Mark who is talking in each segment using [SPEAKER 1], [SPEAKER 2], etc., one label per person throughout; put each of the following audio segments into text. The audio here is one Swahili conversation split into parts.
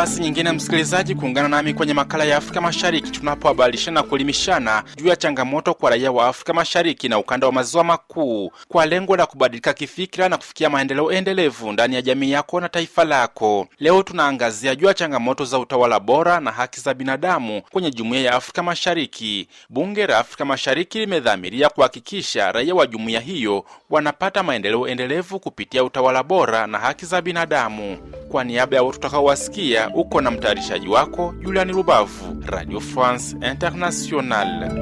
[SPEAKER 1] nafasi nyingine msikilizaji kuungana nami kwenye makala ya Afrika Mashariki tunapohabarishana na kuelimishana juu ya changamoto kwa raia wa Afrika Mashariki na ukanda wa maziwa makuu kwa lengo la kubadilika kifikira na kufikia maendeleo endelevu ndani ya jamii yako na taifa lako. Leo tunaangazia juu ya changamoto za utawala bora na haki za binadamu kwenye jumuiya ya Afrika Mashariki. Bunge la Afrika Mashariki limedhamiria kuhakikisha raia wa jumuiya hiyo wanapata maendeleo endelevu kupitia utawala bora na haki za binadamu kwa niaba ya watu tutakaowasikia uko na mtayarishaji wako Juliani Rubavu, Radio France International.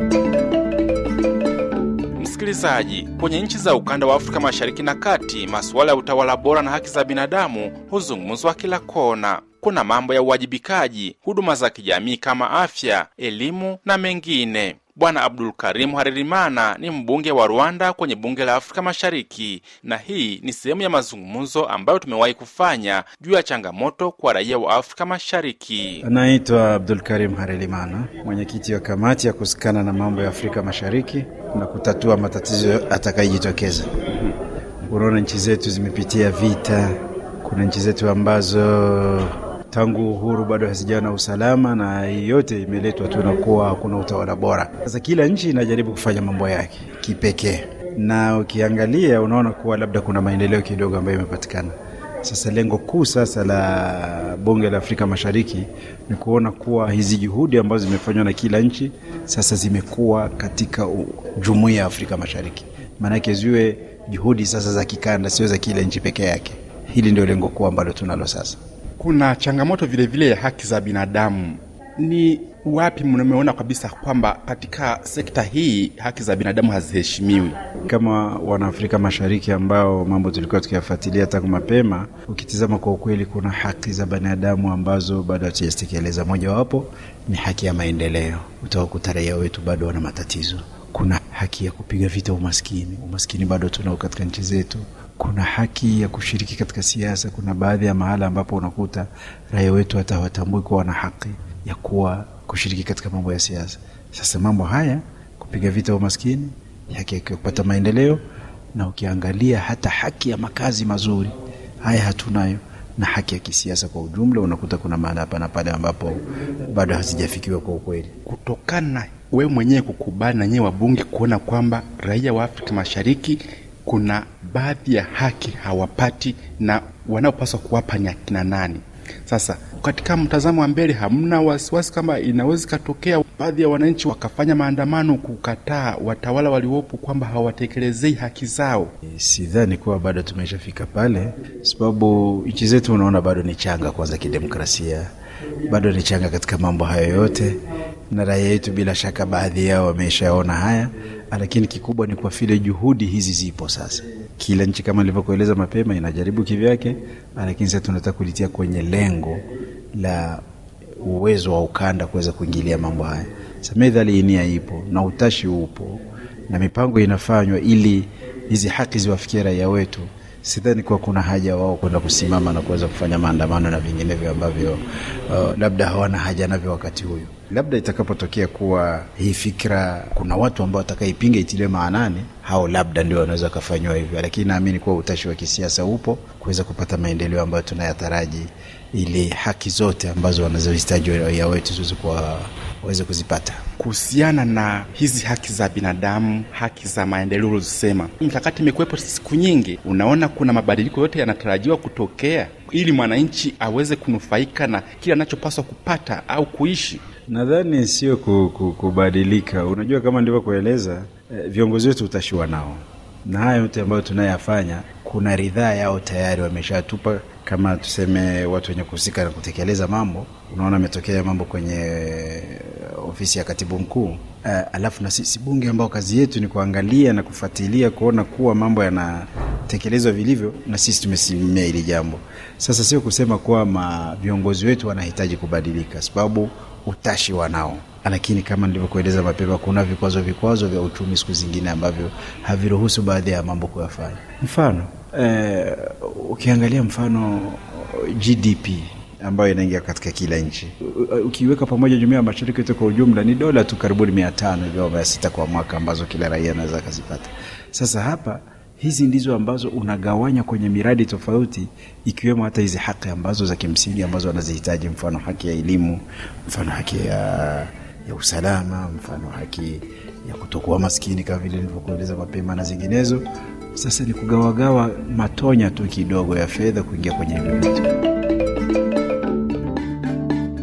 [SPEAKER 1] Msikilizaji, kwenye nchi za ukanda wa Afrika Mashariki na Kati, masuala ya utawala bora na haki za binadamu huzungumzwa kila kona. Kuna mambo ya uwajibikaji, huduma za kijamii kama afya, elimu na mengine. Bwana Abdul Karim Harerimana ni mbunge wa Rwanda kwenye bunge la Afrika Mashariki, na hii ni sehemu ya mazungumzo ambayo tumewahi kufanya juu ya changamoto kwa raia wa Afrika Mashariki.
[SPEAKER 2] Anaitwa Abdul Karim Harerimana, mwenyekiti wa kamati ya kuhusikana na mambo ya Afrika Mashariki na kutatua matatizo atakayejitokeza. Unaona, nchi zetu zimepitia vita, kuna nchi zetu ambazo tangu uhuru bado hazijana usalama, na yote imeletwa tu na kuwa kuna utawala bora. Sasa kila nchi inajaribu kufanya mambo yake kipekee, na ukiangalia unaona kuwa labda kuna maendeleo kidogo ambayo imepatikana. Sasa lengo kuu sasa la Bunge la Afrika Mashariki ni kuona kuwa hizi juhudi ambazo zimefanywa na kila nchi sasa zimekuwa katika Jumuiya ya Afrika Mashariki, maanake ziwe juhudi sasa za kikanda, sio za kila nchi peke yake. Hili ndio lengo kuu ambalo tunalo sasa
[SPEAKER 1] kuna changamoto vilevile vile ya haki za binadamu. Ni wapi mmeona kabisa kwamba katika sekta hii haki za binadamu haziheshimiwi? Kama wanaafrika Mashariki
[SPEAKER 2] ambao mambo tulikuwa tukiyafuatilia tangu mapema, ukitizama kwa ukweli, kuna haki za binadamu ambazo bado hatujatekeleza. Mojawapo ni haki ya maendeleo. Utawakuta raia wetu bado wana matatizo. Kuna haki ya kupiga vita umaskini. Umaskini bado tunao katika nchi zetu kuna haki ya kushiriki katika siasa. Kuna baadhi ya mahala ambapo unakuta raia wetu hata hawatambui kuwa wana haki ya kuwa kushiriki katika mambo ya siasa. Sasa mambo haya, kupiga vita umaskini, haki ya kupata maendeleo, na ukiangalia hata haki ya makazi mazuri, haya hatunayo, na haki ya kisiasa kwa ujumla, unakuta
[SPEAKER 1] kuna mahala hapa na pale ambapo bado hazijafikiwa kwa ukweli, kutokana wewe mwenyewe kukubali na nyewe wabunge kuona kwamba raia wa Afrika Mashariki kuna baadhi ya haki hawapati na wanaopaswa kuwapa ni akina nani? Sasa katika mtazamo wa mbele, hamna wasiwasi kama inaweza ikatokea baadhi ya wananchi wakafanya maandamano kukataa watawala waliopo kwamba hawatekelezei haki zao? Eh, sidhani
[SPEAKER 2] kuwa bado tumeshafika pale, sababu nchi zetu unaona bado ni changa, kwanza kidemokrasia bado ni changa katika mambo hayo yote, na raia yetu bila shaka baadhi yao wameshaona haya, lakini kikubwa ni kwa vile juhudi hizi zipo sasa kila nchi kama nilivyokueleza mapema inajaribu kivyake, lakini sasa tunataka kulitia kwenye lengo la uwezo wa ukanda kuweza kuingilia mambo haya. Samedhali inia ipo na utashi upo na mipango inafanywa ili hizi haki ziwafikie raia wetu sidhani kuwa kuna haja wao kwenda kusimama na kuweza kufanya maandamano na vinginevyo ambavyo uh, labda hawana haja navyo wakati huyu. Labda itakapotokea kuwa hii fikira kuna watu ambao watakaipinga itilie maanani, hao labda ndio wanaweza wakafanyiwa hivyo, lakini naamini kuwa utashi wa kisiasa upo kuweza kupata maendeleo ambayo tunayataraji, ili haki zote ambazo wanazohitaji raia wetu ziweze kuwa waweze kuzipata.
[SPEAKER 1] Kuhusiana na hizi haki za binadamu, haki za maendeleo ulizosema, mikakati imekuwepo siku nyingi. Unaona kuna mabadiliko yote yanatarajiwa kutokea ili mwananchi aweze kunufaika na kile anachopaswa kupata au kuishi.
[SPEAKER 2] Nadhani sio kubadilika. Unajua, kama nilivyokueleza, eh, viongozi wetu utashiwa nao na haya yote ambayo tunayafanya, kuna ridhaa yao tayari wameshatupa, kama tuseme watu wenye kuhusika na kutekeleza mambo. Unaona, ametokea mambo kwenye ofisi ya katibu mkuu uh, alafu na sisi bunge ambao kazi yetu ni kuangalia na kufuatilia kuona kuwa mambo yanatekelezwa vilivyo, na sisi tumesimamia hili jambo. Sasa sio kusema kuwa viongozi wetu wanahitaji kubadilika, sababu utashi wanao, lakini kama nilivyokueleza mapema, kuna vikwazo vikwazo vya uchumi siku zingine ambavyo haviruhusu baadhi ya mambo kuyafanya. Mfano eh, ukiangalia mfano GDP ambayo inaingia katika kila nchi. Ukiweka pamoja jumuiya ya mashirika yote kwa ujumla ni dola tu karibuni mia tano hivi mia sita kwa mwaka ambazo kila raia anaweza akazipata. Sasa hapa hizi ndizo ambazo unagawanya kwenye miradi tofauti, ikiwemo hata hizi haki ambazo za kimsingi ambazo wanazihitaji, mfano haki ya elimu, mfano haki ya, ya usalama, mfano haki ya kutokuwa maskini kama vile nilivyokueleza mapema na zinginezo. Sasa ni kugawagawa matonya tu kidogo ya fedha kuingia kwenye hilo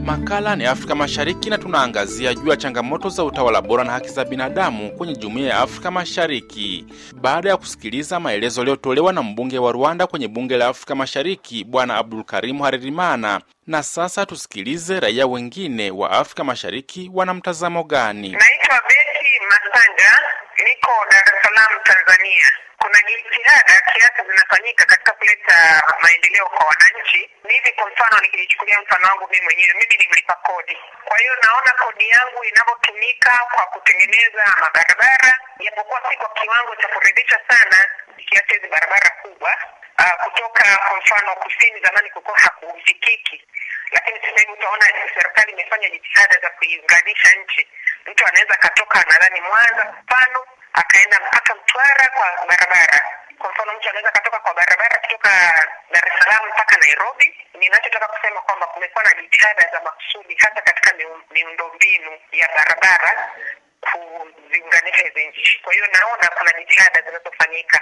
[SPEAKER 1] Makala ni Afrika Mashariki na tunaangazia juu ya changamoto za utawala bora na haki za binadamu kwenye jumuiya ya Afrika Mashariki. Baada ya kusikiliza maelezo yaliyotolewa na mbunge wa Rwanda kwenye bunge la Afrika Mashariki, Bwana Abdul Karimu haririmana na sasa tusikilize raia wengine wa Afrika Mashariki wana mtazamo gani. Naitwa
[SPEAKER 3] Beti Masanga niko Dar es Salaam, Tanzania. Kuna jitihada kiasi zinafanyika katika kuleta maendeleo kwa wananchi. Mimi kwa mfano, nikilichukulia mfano wangu mimi mwenyewe, mimi ni mlipa kodi, kwa hiyo naona kodi yangu inavyotumika kwa kutengeneza mabarabara, japokuwa si kwa kiwango cha kuridhisha sana, kiasi hizi barabara kubwa Uh, kutoka kwa mfano kusini, zamani kulikuwa hakufikiki, lakini sasa utaona serikali imefanya jitihada za kuiunganisha nchi. Mtu anaweza akatoka nadhani Mwanza mfano akaenda mpaka Mtwara kwa barabara. Kwa mfano mtu anaweza akatoka kwa barabara kutoka Dar es Salaam mpaka Nairobi. Ninachotaka kusema kwamba kumekuwa na jitihada za maksudi hasa katika miundombinu ya barabara kuziunganisha hizi nchi. Kwa hiyo naona kuna jitihada zinazofanyika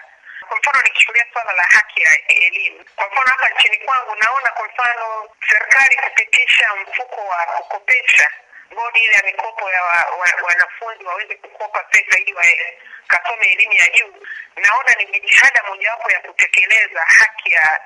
[SPEAKER 3] mfano nikichukulia swala la haki ya elimu, kwa mfano hapa nchini kwangu, naona kwa mfano serikali kupitisha mfuko wa kukopesha bodi ile ya mikopo ya wanafunzi wa, wa waweze kukopa pesa ili wakasome elimu ya juu, naona ni jitihada mojawapo ya kutekeleza haki ya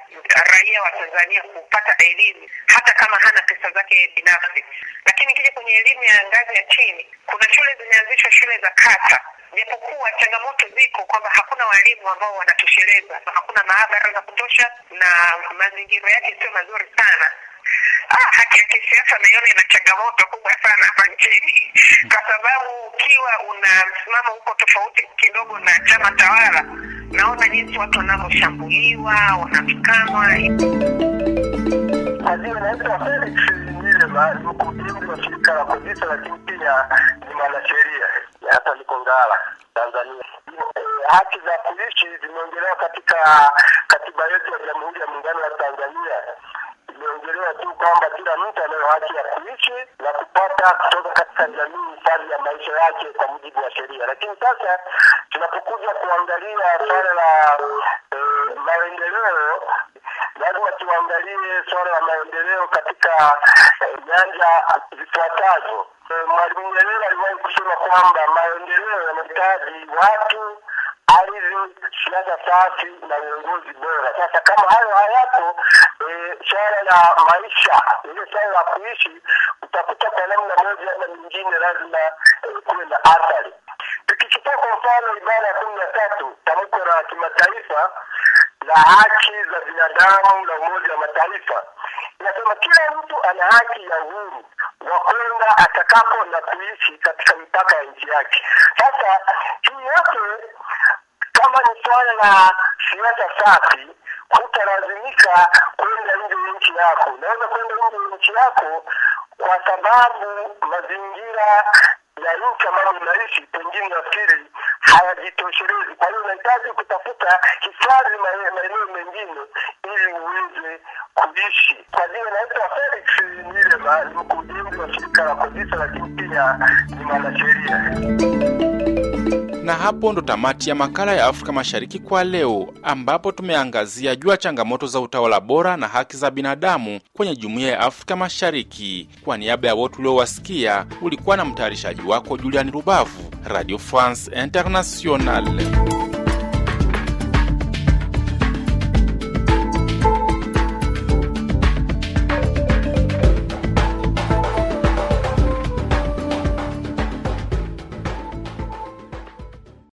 [SPEAKER 3] raia wa Tanzania kupata elimu hata kama hana pesa zake binafsi. Lakini kija kwenye elimu ya ngazi ya chini, kuna shule zimeanzishwa, shule za kata japokuwa changamoto ziko kwamba hakuna walimu ambao wanatosheleza, hakuna maabara za kutosha na mazingira yake sio mazuri sana. Ah, haki ya kisiasa naiona ina changamoto kubwa sana hapa nchini, mm. kwa sababu ukiwa una msimamo huko tofauti kidogo na chama tawala, naona jinsi watu wanavyoshambuliwa, wanafukanwa baadhi huku wa shirika la lakini pia ni mwanasheria hata niko Ngara Tanzania. Haki za kuishi zimeongelewa katika katiba yetu ya Jamhuri ya Muungano wa Tanzania, imeongelewa tu kwamba kila mtu anayo haki ya kuishi na kupata kutoka katika jamii hifadhi ya maisha yake kwa mujibu wa sheria. Lakini sasa tunapokuja kuangalia suala la eh, maendeleo lazima tuangalie suala la maendeleo katika eh, nyanja zifuatazo. Eh, Mwalimu Nyerere aliwahi kusema kwamba maendeleo yanahitaji watu, ardhi, siasa safi na uongozi bora. Sasa kama hayo hayapo, e, eh, suala la maisha, ile suala la kuishi, utakuta kwa namna moja na nyingine lazima kuwe na athari. Tukichukua kwa mfano ibara ya kumi na tatu tamko la kimataifa za haki za binadamu la Umoja wa Mataifa inasema kila mtu ana haki ya uhuru wa kwenda atakapo na kuishi katika mipaka ya nchi yake. Sasa hii yote kama ni swala la siasa safi, hutalazimika kwenda nje ya nchi yako. Unaweza kwenda nje ya nchi yako kwa sababu mazingira ya nchi ambayo unaishi, pengine nafikiri hayajitoshelezi. Kwa hiyo unahitaji kutafuta hifadhi maeneo mengine ili uweze kuishi. Kwa hiyo naitwa Felix nile ni mkurugenzi wa shirika la Kodisa, lakini pia ni mwanasheria.
[SPEAKER 1] Na hapo ndo tamati ya makala ya Afrika Mashariki kwa leo, ambapo tumeangazia juu ya changamoto za utawala bora na haki za binadamu kwenye jumuiya ya Afrika Mashariki. Kwa niaba ya wote uliowasikia, ulikuwa na mtayarishaji wako Juliani Rubavu, Radio France international